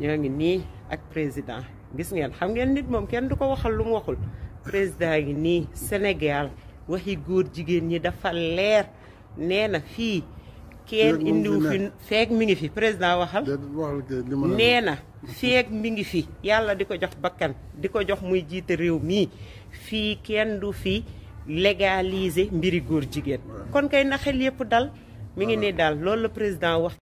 ñoo ngi nii ak président gis ngeen xam ngeen nit moom kenn du ko waxal lu mu waxul président ngi nii Sénégal waxi góor jigéen ñi dafa leer nee na fii kenn indiwu fi feeg mi ngi fi président waxal nee na feeg mi ngi fi yàlla di ko jox bakkan di ko jox muy jiite réew mii fii kenn du fi légaliser mbiri góor jigéen kon kay na xel yépp dal mi ngi nii daal loolu la président wax